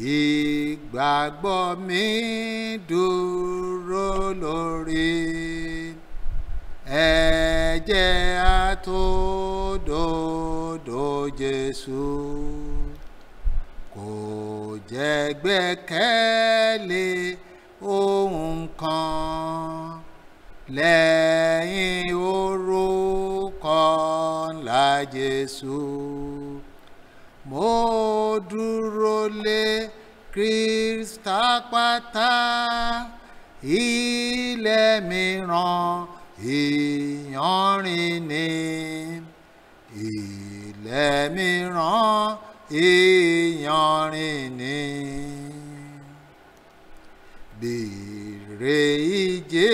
ìgbàgbọ́ mi dúró lórí ẹ̀jẹ̀ àtòdodo Jésù kò jẹ́ gbẹ́kẹ̀lé ohun kan lẹ́yìn orúkọ ńlá Jésù mo dúró lé kristapata ilẹ̀ mìíràn ìyanrìn ni ilẹ̀ mìíràn ìyanrìn ni béèrè ìjẹ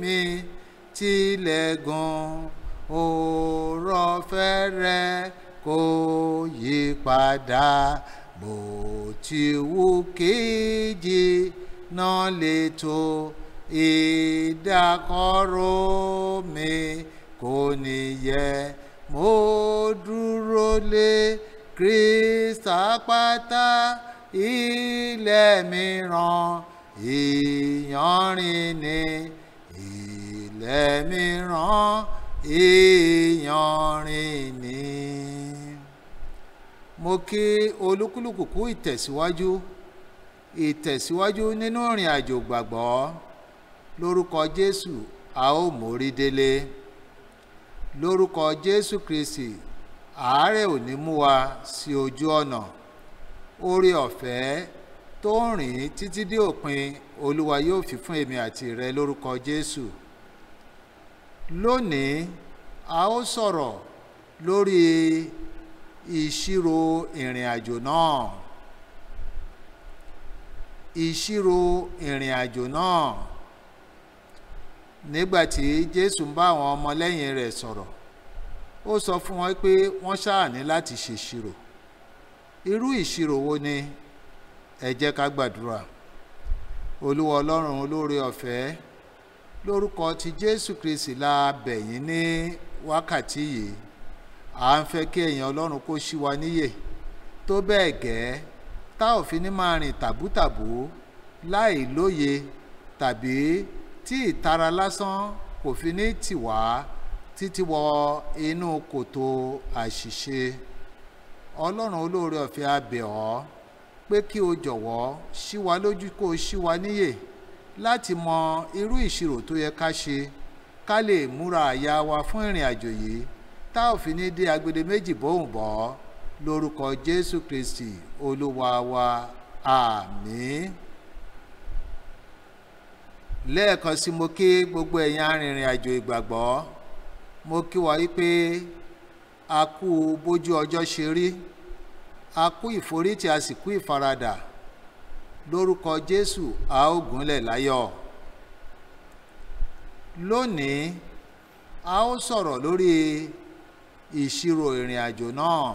mi tilẹ̀ gan-an ó rọ kò yí padà bó ti wù kéje náà lè tó ìdákọ̀ró mi kò níyẹ̀ mo dúró lé kírísítà pátá ilẹ̀ mìíràn ìyanrìn ni ilẹ̀ mìíràn ìyanrìn ni mo kí olúkúlùkù kú ìtẹ̀síwájú ìtẹ̀síwájú nínú ìrìn àjò gbàgbọ́ lórúkọ jésù a ó mórí délé lórúkọ jésù kristi àárẹ̀ ò ní mú wa sí ojú ọ̀nà oore ọ̀fẹ́ tó ń rìn títí dé òpin olúwa yóò fi fún èmi àti rẹ lórúkọ jésù lónìí a ó sọ̀rọ̀ lórí ìṣirò ìrìn àjò náà ìṣirò ìrìn àjò náà nígbàtí Jésù ń bá àwọn ọmọlẹ́yìn rẹ̀ sọ̀rọ̀ ó sọ fún wọn pé wọ́n ṣáà ní láti ṣèṣirò irú ìṣirò wo ni ẹ jẹ́ ká gbàdúrà olúwa ọlọ́run olóore ọ̀fẹ́ lórúkọ ti Jésù Kristi la bẹ̀ yín ní wákàtí yìí à ń fẹ́ kí èèyàn ọlọ́run kó ṣí wa níyè tó bẹ́ẹ̀ gẹ́ tá ò fi ní máa rìn tàbútàbú láì lóye tàbí tí ìtara lásán kò fi ní tì wá títí wọ inú kòtò àṣìṣe ọlọ́run olóore ọ̀fẹ́ abẹ̀ ọ́ pé kí o jọ̀wọ́ ṣí wa lójú kó o ṣí wa níyè láti mọ irú ìṣirò tó yẹ ká ṣe ká lè múra àyà wa fún ìrìn àjò yìí tá ò fi ní dé agbede méjì bóun bọ́ lórúkọ jésù kristi olúwa wa àmì. lẹ́ẹ̀kan sí mo kí gbogbo ẹ̀yin arìnrìn àjò ìgbàgbọ́ mo kí wa wípé a kú bójú ọjọ́ ṣe rí a kú ìforítì a sì kú ìfaradà lórúkọ jésù a ó gúnlẹ̀ láyọ̀ lónìí a ó sọ̀rọ̀ lórí ìṣirò ìrìn àjò náà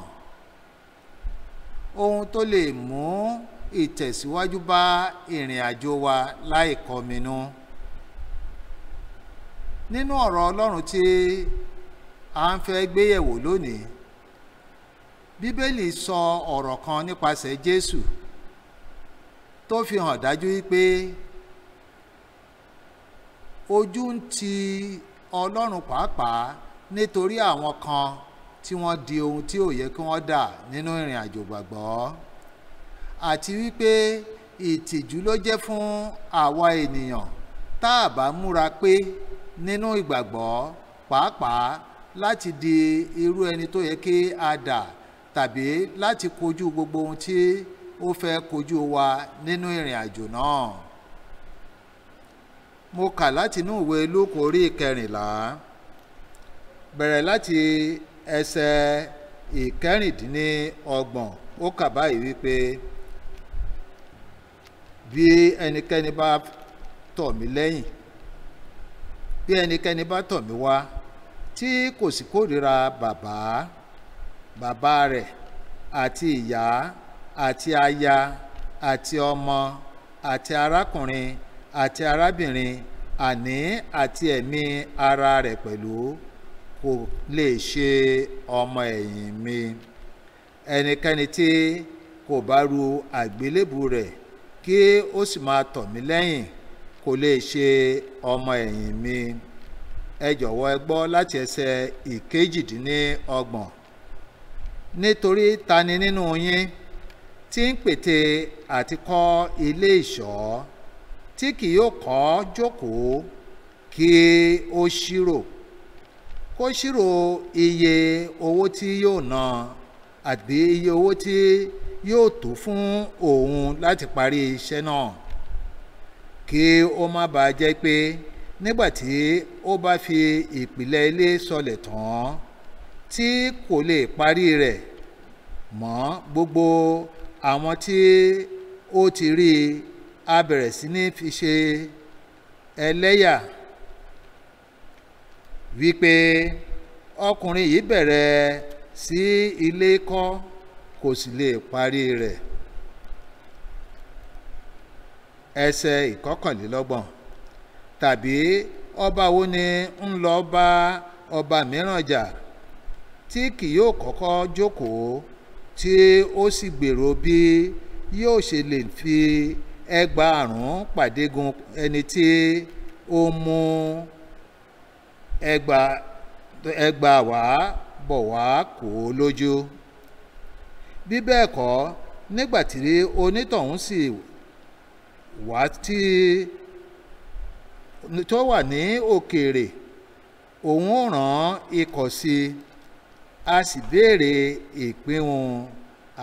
ohun tó lè mú ìtẹ̀síwájú bá ìrìn àjò wa láìkọminú nínú ọ̀rọ̀ Ọlọ́run tí a ń fẹ́ gbéyẹ̀wò lónìí Bíbélì sọ ọ̀rọ̀ kan nípasẹ̀ Jésù tó fi hàn dájú wípé ojú ń ti Ọlọ́run pàápàá nítorí àwọn kan tí wọ́n di ohun tí ò yẹ kí wọ́n dà nínú ìrìn àjò gbàgbọ́ àti wípé ìtìjú ló jẹ́ fún àwa ènìyàn tá a bá múra pé nínú ìgbàgbọ́ pàápàá láti di irú ẹni tó yẹ kí a dà tàbí láti kojú gbogbo ohun tí ó fẹ́ kojú wa nínú ìrìn àjò náà mo kà látinú ìwé Lúùkù orí ìkẹrìnlá bẹ̀rẹ̀ láti ẹsẹ̀ ìkẹrìndínlọ́gbọ̀n ó kà báyìí wípé bí ẹnikẹ́ni bá tọ̀ mí lẹ́yìn bí ẹnikẹ́ni bá tọ̀ mí wá tí kò sì kórìíra bàbá bàbá rẹ̀ àti ìyá àti aya àti ọmọ àti arákùnrin àti arábìnrin àní àti ẹ̀mí ara rẹ̀ pẹ̀lú kò lè ṣe ọmọ ẹ̀yìn mi ẹnikẹ́ni tí kò bá ru àgbélébù rẹ̀ kí ó sì máa tọ̀ mí lẹ́yìn kò lè ṣe ọmọ ẹ̀yìn mi ẹ jọ̀wọ́ ẹ gbọ́ láti ẹsẹ̀ ìkejìdínlọ́gbọ̀n nítorí ta nínú yín tí ń pète àti kọ́ ilé ìṣọ́ tí kì yóò kọ́ jókòó kí ó ṣírò kó ṣírò iye owó tí yóò ná àbí iye owó tí yóò tó fún òun láti parí iṣẹ́ náà kí ó má bàa jẹ́ pé nígbà tí ó bá fi ìpìlẹ̀ ilé sọlẹ̀ tán tí kò lè parí rẹ̀ mọ́ gbogbo àwọn tí ó ti rí i sí ní fi ṣe ẹlẹ́yà. E wípé ọkùnrin yìí bẹ̀rẹ̀ sí ilé kọ́ kò sì lè parí rẹ̀ ẹsẹ̀ ìkọkànlélọ́gbọ̀n tàbí ọba wo ni ń lọ bá ọba mìíràn jà tí kì yóò kọ́kọ́ jókòó tí ó sì gbèrò bí yóò ṣe lè fi ẹgbàárùn pàdégun ẹni tí ó mú un ẹgbà ẹgbà wá bọ̀ wá kò ó lójú bí bẹ́ẹ̀ kọ́ nígbà tí onítọ̀hún sì wá tí tó wà ní òkèèrè òun ò rán ikọ̀ sí a sì béèrè ìpinnu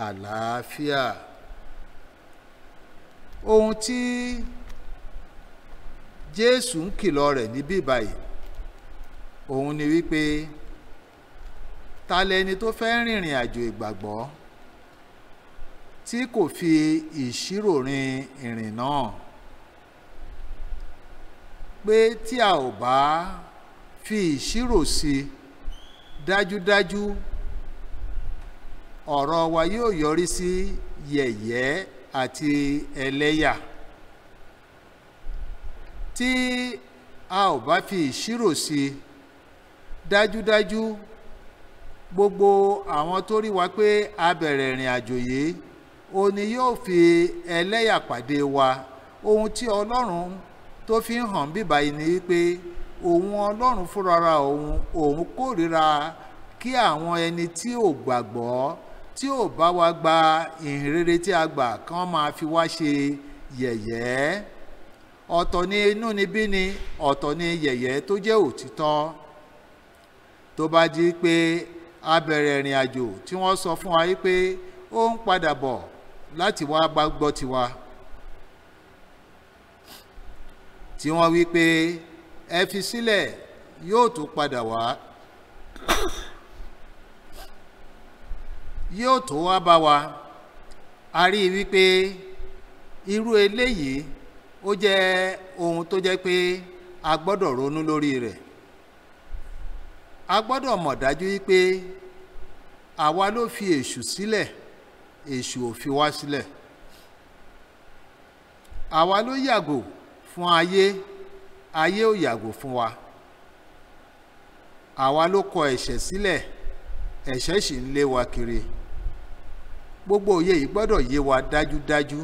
àlàáfíà ohun tí Jésù ń kìlọ̀ rẹ̀ níbí báyìí òun ni wípé ta lẹni tó fẹ́ rìnrìn àjò ìgbàgbọ́ tí kò fi ìṣirò rin ìrìn náà pé tí a ò bá fi ìṣirò sí dájúdájú ọ̀rọ̀ wa yóò yọrí sí yẹ̀yẹ́ àti ẹlẹ́yà tí a ò bá fi ìṣirò sí i dájúdájú gbogbo àwọn tó rí wa pé a bẹ̀rẹ̀ ìrìn àjò yìí òun ni yóò fi ẹlẹ́yà pàdé wa ohun tí ọlọ́run tó fi ń hàn bíbá yìí ni pé òun ọlọ́run fúnra òun òun kórìíra kí àwọn ẹni tí ò gbàgbọ́ tí ò bá wa gba ìhìnrere tí a gbà kán máa fi wá ṣe yẹ̀yẹ́ ọ̀tọ̀ ni inúnibíni ọ̀tọ̀ ni yẹ̀yẹ́ tó jẹ́ òtítọ́ tó bá jí pé a bẹ̀rẹ̀ ìrìn àjò tí wọ́n sọ fún wa pé ó ń padà bọ̀ láti wá gbọ́ tiwa tí wọ́n wí pé ẹ fi sílẹ̀ yóò tó padà wá yóò tó wá bá wa a rí i wípé irú eléyìí ó jẹ́ ohun tó jẹ́ pé a gbọ́dọ̀ ronú lórí rẹ̀ a gbọ́dọ̀ mọ̀ dájú wípé àwa ló fi èṣù sílẹ̀ èṣù ò fi wá sílẹ̀ àwa ló yàgò fún ayé ayé ò yàgò fún wa àwa ló kọ ẹ̀ṣẹ̀ sílẹ̀ ẹ̀ṣẹ̀ sì ń lé wa kiri gbogbo òye yìí gbọ́dọ̀ yé wa dájúdájú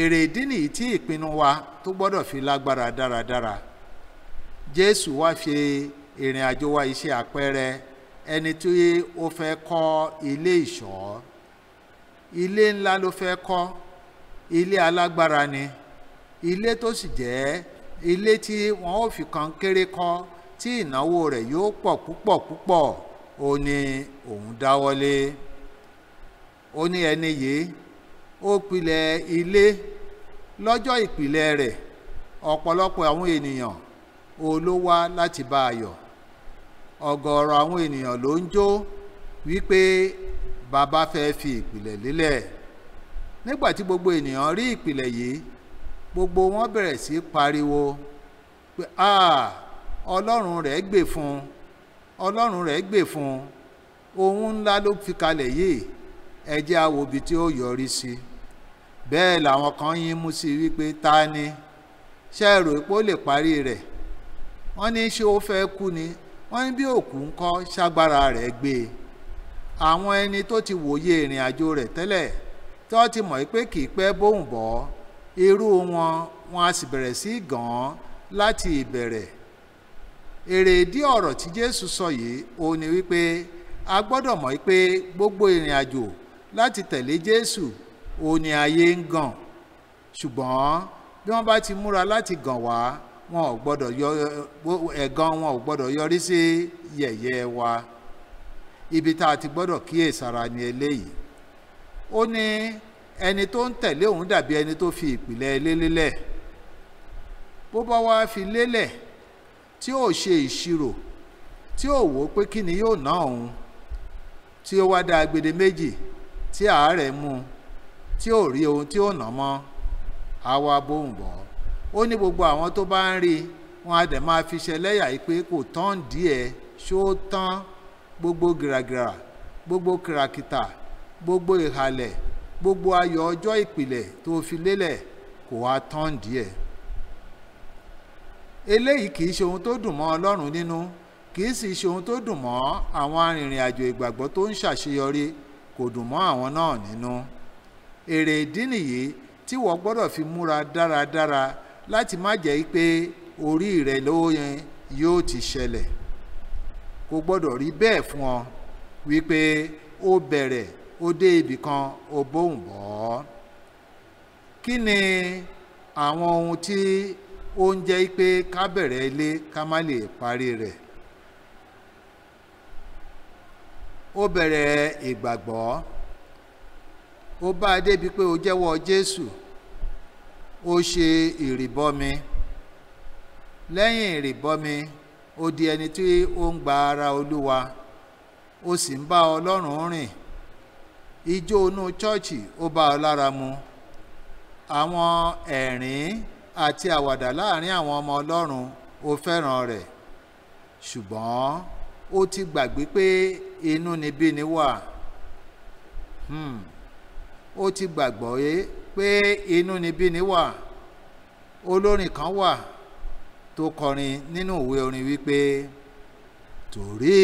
èrè ìdí nìyí tí ìpinnu wa tó gbọ́dọ̀ fi lágbára dáradára Jésù wá fi ìrìn àjò wa yìí ṣe àpẹẹrẹ ẹni tí ó fẹ́ kọ́ ilé ìṣọ́ ilé ńlá ló fẹ́ kọ́ ilé alágbára ni ilé tó sì jẹ́ ilé tí wọ́n ó fi kan kéré kọ́ tí ìnáwó rẹ̀ yóò pọ̀ púpọ̀ púpọ̀ ó ní òun dáwọ́lé ó ní ẹni yìí ó pilẹ̀ ilé lọ́jọ́ ìpìlẹ̀ rẹ̀ ọ̀pọ̀lọpọ̀ àwọn ènìyàn ó láti bá a yọ̀ ọ̀gọ̀ọ̀rọ̀ àwọn ènìyàn ló ń jó wípé bàbá fẹ́ fi ìpìlẹ̀ lélẹ̀ nígbà tí gbogbo ènìyàn rí ìpìlẹ̀ yìí gbogbo wọn bẹ̀rẹ̀ sí pariwo pé ah ọlọ́run rẹ̀ gbè fún ọlọ́run rẹ̀ gbè fún ohun ńlá ló fi kalẹ̀ yìí ẹ jẹ́ a wò ibi tí ó yọrí sí bẹ́ẹ̀ làwọn kan yín mú sí wípé ta ni ṣe é rò lè parí rẹ̀ wọ́n ní ṣé ó fẹ́ kú ni wọ́n ní bí òkú ń kọ́ ṣágbára rẹ̀ gbé e àwọn ẹni tó ti wòye ìrìn àjò rẹ̀ tẹ́lẹ̀ tí wọ́n ti mọ̀ pé kì í pẹ́ bóun bọ́ irú wọn wọn a sì bẹ̀rẹ̀ sí gàn án láti ìbẹ̀rẹ̀ èrèdí ọ̀rọ̀ tí Jésù sọ yìí òun ni wípé a gbọ́dọ̀ mọ̀ pé gbogbo ìrìn àjò láti tẹ̀lé Jésù òun ni ayé ń gàn ṣùgbọ́n bí wọ́n bá ti múra láti gàn wá wọn ò gbọ́dọ̀ yọ ẹ̀gàn wọn ò gbọ́dọ̀ yọrí sí yẹ̀yẹ́ wa ibi tá a ti gbọ́dọ̀ kíyèsára ni eléyìí ó ní ẹni tó ń tẹ̀lé òun dàbí ẹni tó fi ìpìlẹ̀ ilé lélẹ̀ bó bá wá fi lélẹ̀ tí ó ṣe ìṣirò tí ó wò ó pé kí ni yóò ná òun tí ó wá dá agbede méjì tí àárẹ̀ mú tí ó rí ohun tí ó ná mọ́ àwa bóun bọ̀ ọ́ ó ní gbogbo àwọn tó bá ń rí i wọn á dẹ̀ máa fi ṣẹlẹ́yà yìí pé kò tán díẹ̀ ṣó tán gbogbo gìràgìrà gbogbo kìràkìtà gbogbo ìhàlẹ̀ gbogbo ayọ̀ ọjọ́ ìpìlẹ̀ tó fi lélẹ̀ kò wá tán díẹ̀ eléyìí kì í ṣe ohun tó dùn mọ́ Ọlọ́run nínú kì í sì ṣe ohun tó dùn mọ́ àwọn arìnrìn àjò ìgbàgbọ́ tó ń ṣàṣeyọrí kò dùn mọ́ àwọn náà nínú èrè ìdí nìyí tí wọ́n gbọ́dọ̀ fi múra dáradára dára láti má jẹ́ pé orí rẹ lówó yẹn yóò ti ṣẹlẹ̀ kò gbọ́dọ̀ rí bẹ́ẹ̀ fún ọ wípé ó bẹ̀rẹ̀ ó dé ibì kan ó bóun bọ̀ ọ́ kí ni àwọn ohun tí ó ń jẹ́ pé ká bẹ̀rẹ̀ ilé ká má lè parí rẹ̀ ó bẹ̀rẹ̀ ìgbàgbọ́ ó bá a débi pé ó jẹ́wọ́ Jésù ó ṣe ìrìbọmi lẹ́yìn ìrìbọmi ó di ẹni tí ó ń gba ara olúwa ó sì ń bá ọlọ́run rìn ijó inú chọ́ọ̀chì ó bá ọ lára mu àwọn ẹ̀rín àti àwàdà láàrin àwọn ọmọ ọlọ́run ó fẹ́ràn rẹ̀ ṣùgbọ́n ó ti gbàgbé pé inúnibíni wà hmm. ó ti gbàgbọ́ yé pé inú níbí ni wà olórin kan wà tó kọrin nínú ìwé orin wípé torí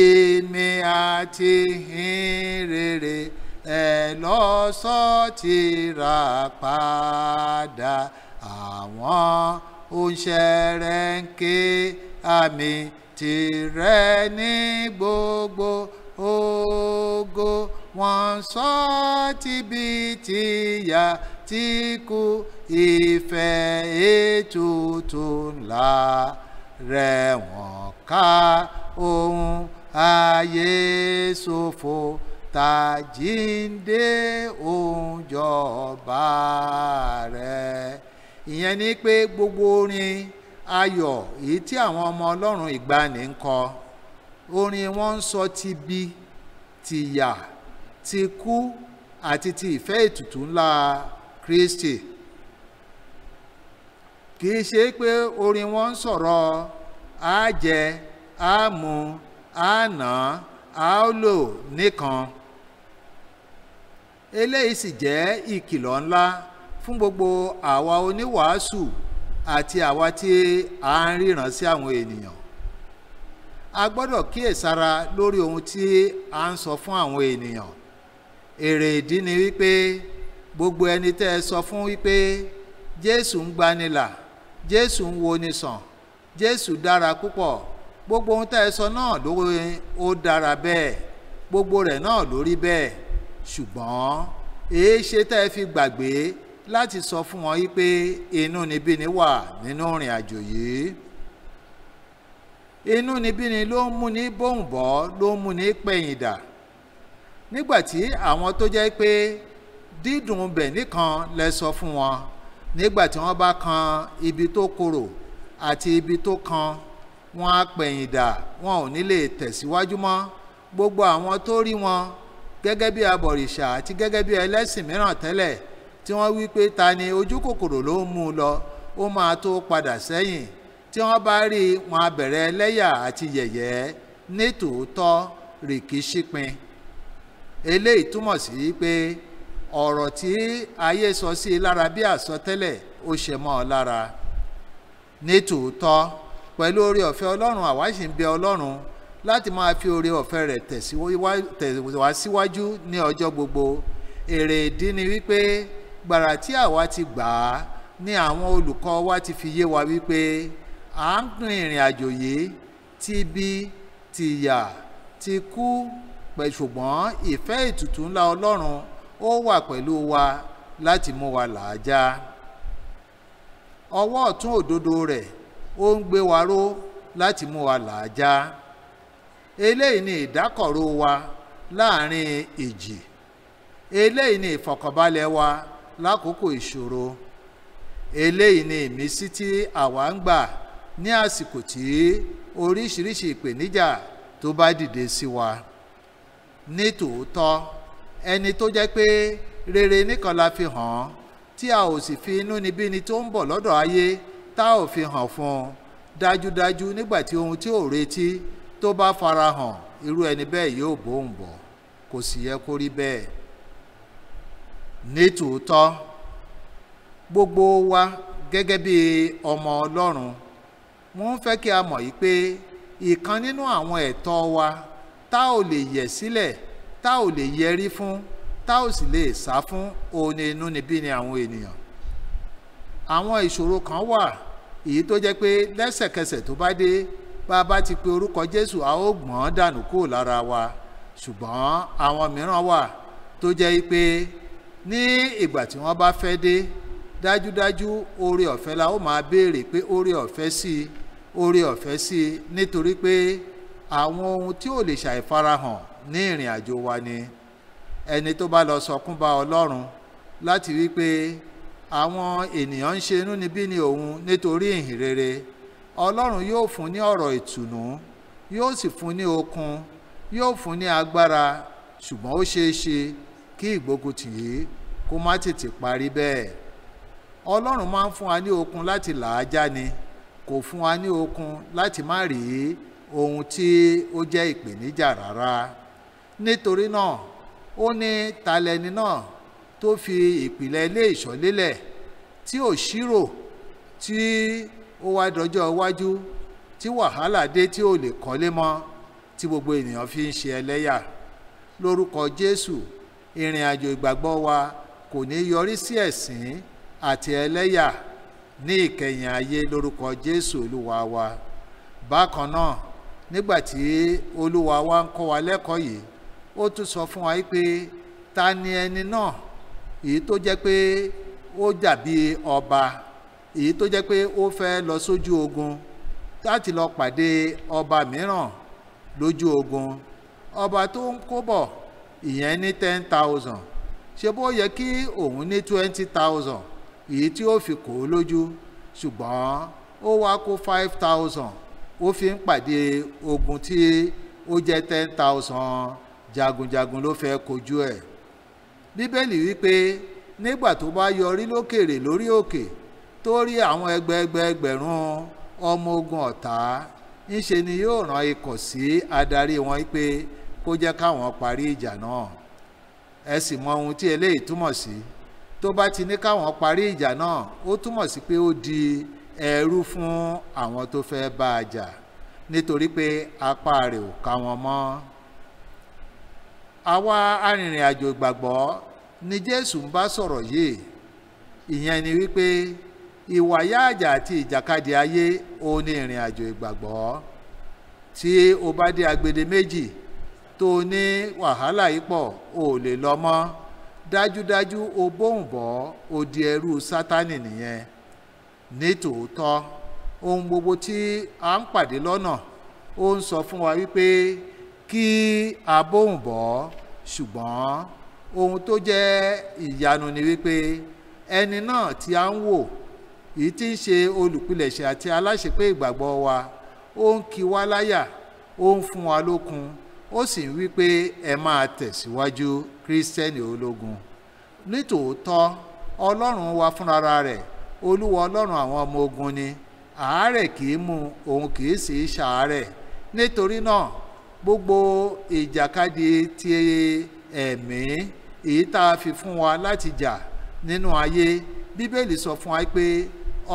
mi àti ìhìnrere ẹ lọ sọ tìrà padà àwọn òṣèré ń ké àmì tìrẹ ní gbogbo ògo wọn sọ tìbí tìyà tiku ìfẹ́ ètùtù ńlá rẹ̀ wọ́n ká ohun ayé ṣòfò tàjíǹde ohun jọba rẹ̀ ìyẹn ni pé gbogbo orin ayọ̀ èyí tí àwọn ọmọ ọlọ́run ìgbàanì ń kọ orin wọn ń sọ ti bi tìyà ti kú àti ti ìfẹ́ ètùtù ńlá Kristi kì í ṣe pé orin wọn ń sọ̀rọ̀ á jẹ á mu á nà á lò nìkan eléyìí sì jẹ́ ìkìlọ̀ ńlá fún gbogbo àwa oníwàásù àti àwa tí à ń ríran sí àwọn ènìyàn a gbọ́dọ̀ kíyèsára lórí ohun tí a ń sọ fún àwọn ènìyàn èrè ìdí ni wípé gbogbo ẹni tẹ́ ẹ sọ fún wípé jésù ń gbanilà jésù ń woni sàn jésù dára púpọ̀ gbogbo ohun tẹ́ ẹ sọ náà ló ó dára bẹ́ẹ̀ gbogbo rẹ̀ náà ló rí bẹ́ẹ̀ ṣùgbọ́n èé ṣe tẹ́ ẹ fi gbàgbé láti sọ fún wọn wípé inú níbí ni wà nínú ìrìn àjò yìí inú níbí ni ló ń múni bóun bọ́ ló ń múni pẹ̀yìn dà nígbà àwọn tó jẹ́ pé dídùn blẹ̀ nìkan lẹ sọ fún wọn nígbà tí wọ́n bá kan ibi tó korò àti ibi tó kan wọn á pẹ̀yìn dà wọn ò ní lè tẹ̀síwájú mọ́ gbogbo àwọn tó rí wọn gẹ́gẹ́ bí abọ̀rìṣà àti gẹ́gẹ́ bí ẹlẹ́sìn mìíràn tẹ́lẹ̀ tí wọ́n wí pé ta ni ojú kòkòrò ló ń mú un lọ ó máa tó padà sẹ́yìn tí wọ́n bá rí wọn á bẹ̀rẹ̀ àti yẹ̀yẹ́ nítòótọ́ rìkíṣípin eléyìí túmọ̀ sí pé ọ̀rọ̀ tí ayé sọ sí i lára bí àsọtẹ́lẹ̀ ó ṣe mọ́ ọ lára ní tòótọ́ pẹ̀lú oore ọ̀fẹ́ ọlọ́run àwa sì ń bẹ ọlọ́run láti máa fi oore ọ̀fẹ́ rẹ̀ tẹ̀síwá síwájú ní ọjọ́ gbogbo èrè ìdí ni wípé gbàrà tí àwa ti gbà á ní àwọn olùkọ́ wa ti fi yé wa wípé à ń rìn ìrìn àjò yìí ti bí ti yà ti kú pẹ̀ ṣùgbọ́n ìfẹ́ ìtùtù ńlá ọlọ́run ó wà pẹ̀lú wa láti mú wa làájá ọwọ́ ọ̀tún òdodo rẹ̀ ó ń gbé wa ró láti mú wa làájá eléyìí ni ìdákọ̀ró wa láàrin ìjì eléyìí ni ìfọ̀kànbalẹ̀ wa lákòókò ìṣòro eléyìí ni ìmísí tí àwa ń gbà ní àsìkò tí oríṣiríṣi ìpèníjà tó bá dìde sí wa ní tòótọ́ ẹni tó jẹ́ pé rere nìkan la fi hàn án tí a ò sì fi inúnibíni tó ń bọ̀ lọ́dọ̀ ayé tá ò fi hàn fún un dájúdájú nígbà tí ohun tí ò retí tó bá farahàn irú ẹni bẹ́ẹ̀ yóò bóun bọ̀ kò sì yẹ kó rí bẹ́ẹ̀ nítòótọ́ gbogbo wa gẹ́gẹ́ bí ọmọ ọlọ́run wọ́n fẹ́ kí a mọ̀ yìí pé ìkan nínú àwọn ẹ̀tọ́ wa tá ò lè yẹ̀ sílẹ̀ si tá ò lè yẹrí fún tá ò sì lè sá fún òun inú níbí ni àwọn ènìyàn àwọn ìṣòro kan wà èyí tó jẹ́ pé lẹ́sẹ̀kẹsẹ̀ tó bá dé bá a bá ti pe orúkọ Jésù a ó gbọ́n dànù kúrò lára wa ṣùgbọ́n àwọn mìíràn wà tó jẹ́ pé ní ìgbà tí wọ́n bá fẹ́ dé dájúdájú oore ọ̀fẹ́ la ó máa béèrè pé oore ọ̀fẹ́ sí i oore ọ̀fẹ́ sí i nítorí pé àwọn ohun tí ò lè ṣàìfarahàn ní ìrìn àjò wa ni ẹni tó bá lọ sọkún bá Ọlọ́run láti wí pé àwọn ènìyàn ń ṣe inúnibíni òun nítorí ìhìn rere Ọlọ́run yóò fún ní ọ̀rọ̀ ìtùnú yóò sì fún ní okun yóò fún ní agbára ṣùgbọ́n ó ṣeé ṣe kí ìgbóguntì yìí kó má tètè parí bẹ́ẹ̀ Ọlọ́run máa ń fún wa ní okun láti làájá ni kò fún wa ní okun láti má rí ohun tí ó jẹ́ ìpèníjà rárá nítorí náà ó ní talẹ́ni náà tó fi ìpìlẹ̀ ilé ìṣọ́ lélẹ̀ tí ò ṣírò tí ó wá dọjọ́ iwájú tí wàhálà dé tí ò lè kọ́lé mọ́ tí gbogbo ènìyàn fi ń ṣe ẹlẹ́yà lórúkọ Jésù ìrìn àjò ìgbàgbọ́ wa kò ní yọrí sí ẹ̀sìn àti ẹlẹ́yà ní ìkẹyìn ayé lórúkọ Jésù Olúwa wa bákan náà nígbà tí Olúwa wa ń kọ́ wa lẹ́kọ̀ọ́ yìí ó tún sọ fún wa pé ta ni ẹni náà èyí tó jẹ́ pé ó dàbí ọba èyí tó jẹ́ pé ó fẹ́ lọ sójú ogun láti lọ pàdé ọba mìíràn lójú ogun ọba tó ń kó bọ̀ ìyẹn ní ten thousand ṣé bó yẹ kí òun ní twenty thousand èyí tí ó fi kó lójú ṣùgbọ́n ó wá kó five thousand ó fi ń pàdé ogun tí ó jẹ́ ten thousand jagunjagun ló fẹ́ kojú ẹ̀ bíbélì wípé nígbà tó bá yọrí lókèrè lórí òkè tó rí àwọn ẹgbẹẹgbẹẹgbẹ̀rún ọmọ ogun ọ̀tá ńṣe ni yóò rán ikọ̀ sí adarí wọn pé kó jẹ́ káwọn parí ìjà náà ẹ sì mọ ohun tí eléyìí túmọ̀ sí tó bá ti ní káwọn parí ìjà náà ó túmọ̀ sí pé ó di ẹrú fún àwọn tó fẹ́ bá a jà nítorí pé apá rẹ̀ ò ká wọn mọ́ àwa arìnrìn ìgbàgbọ́ ni Jésù ń bá sọ̀rọ̀ yìí ìyẹn ni wípé ìwà yáàjà àti ìjàkadì ayé òun ni ìrìn àjò ìgbàgbọ́ tí o bá dé agbede méjì tó o ní wàhálà yìí pọ̀ o ò lè lọ mọ́ dájúdájú o bóun bọ́ o di ẹrú Sátánì nìyẹn nítòótọ́ ohun gbogbo tí a ń pàdé lọ́nà ó ń sọ fún wa wípé kí a bóhùn bọ́ ṣùgbọ́n ohun tó jẹ́ ìyanu ni wípé ẹni náà tí a ń wò èyí tí ń ṣe olùpilẹ̀ṣẹ̀ àti aláṣepé ìgbàgbọ́ wa ó ń kí wa láyà ó ń fún wa lókun ó sì ń wípé ẹ máa tẹ̀síwájú kírísítẹ́nì ológun nítòótọ́ ọlọ́run wa fúnra rẹ̀ olúwa ọlọ́run àwọn ọmọ ogun ni àárẹ̀ kì í mú òun kì í sì í ṣàárẹ̀ nítorí náà gbogbo ìjàkadì ti ẹ̀mí èyí tá a fi fún wa láti jà nínú ayé bíbélì sọ fún wa pé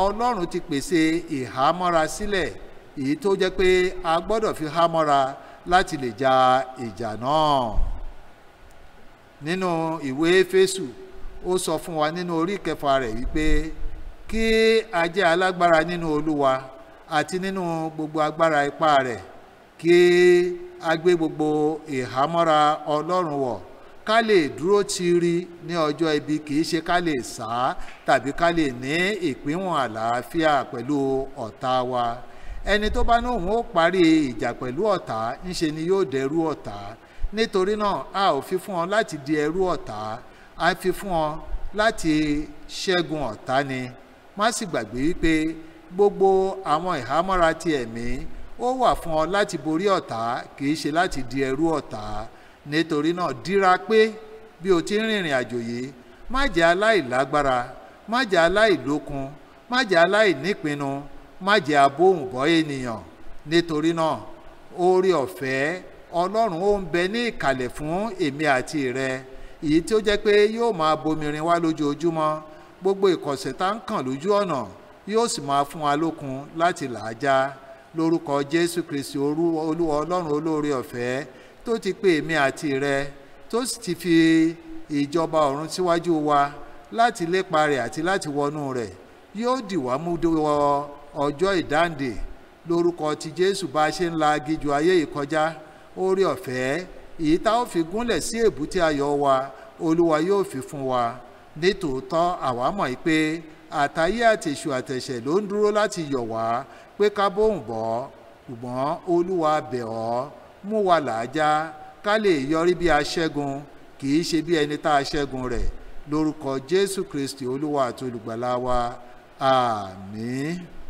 ọlọ́run ti pèsè ìhámọ́ra sílẹ̀ èyí tó jẹ́ pé a gbọ́dọ̀ fi hámọ́ra láti lè ja ìjà náà nínú ìwé Éfésù ó sọ fún wa nínú orí kẹfà rẹ̀ wípé kí a jẹ́ alágbára nínú Olúwa àti nínú gbogbo agbára ipá rẹ̀ kí a gbé gbogbo ìhámọ́ra ọlọ́run wọ̀ ká lè dúró tiiri ní ọjọ́ ibi kì ṣe ká lè sá tàbí ká lè ní ìpínwọ̀n àlàáfíà pẹ̀lú ọ̀tá wa ẹni tó bá ní òun ó parí ìjà pẹ̀lú ọ̀tá ńṣe ni yóò dẹrú ọ̀tá nítorí náà a ò fi fún ọ láti di ẹrú ọ̀tá a fi fún ọ láti ṣẹ́gun ọ̀tá ni má sì gbàgbé wípé gbogbo àwọn ìhámọ́ra ti ẹ̀mí ó wà fún ọ láti borí ọ̀tá kì í ṣe láti di ẹrú ọ̀tá nítorí náà dira pé bí o ti ń rìnrìn àjò yìí má jẹ́ aláìlágbára má jẹ́ aláìlókun má jẹ́ aláìnípinnu má jẹ́ abóhùnbọ́ ènìyàn nítorí náà oore ọ̀fẹ́ ọlọ́run ó ń bẹ ní ìkàlẹ̀ fún èmi àti rẹ èyí tí ó jẹ́ pé yóò máa bomirin wá lójoojúmọ́ gbogbo ìkọ̀sẹ̀ tá ń kàn lójú ọ̀nà yóò sì máa fún wa lókun láti là á lórúkọ jésù kristi olúwa ọlọ́run olóore ọ̀fẹ́ tó ti pè mí àti rẹ tó sì ti fi ìjọba ọ̀run síwájú wa láti lépa rẹ̀ àti láti wọnú rẹ̀ yóò dì wá mú wọ ọjọ́ ìdáǹdè lórúkọ ti jésù bá a ṣe ń la agijù ayé yìí kọjá ọ̀fẹ́ èyí tá ó fi gúnlẹ̀ sí èbúté ayọ̀ wa olúwa yóò fi fún wa nítòótọ́ àwa mọ̀ pé àtayé àtèṣù àtẹ̀ṣẹ̀ ló ń dúró láti yọ̀ wá pé ká bóun bọ́ ṣùgbọ́n olúwa bẹ̀ ọ́ mú wa làájá ká lè yọrí bí aṣẹ́gun kì í ṣe bí ẹni tá a rẹ̀ lórúkọ jésù kristi olúwa àti olùgbàlà wa àmín. Ah,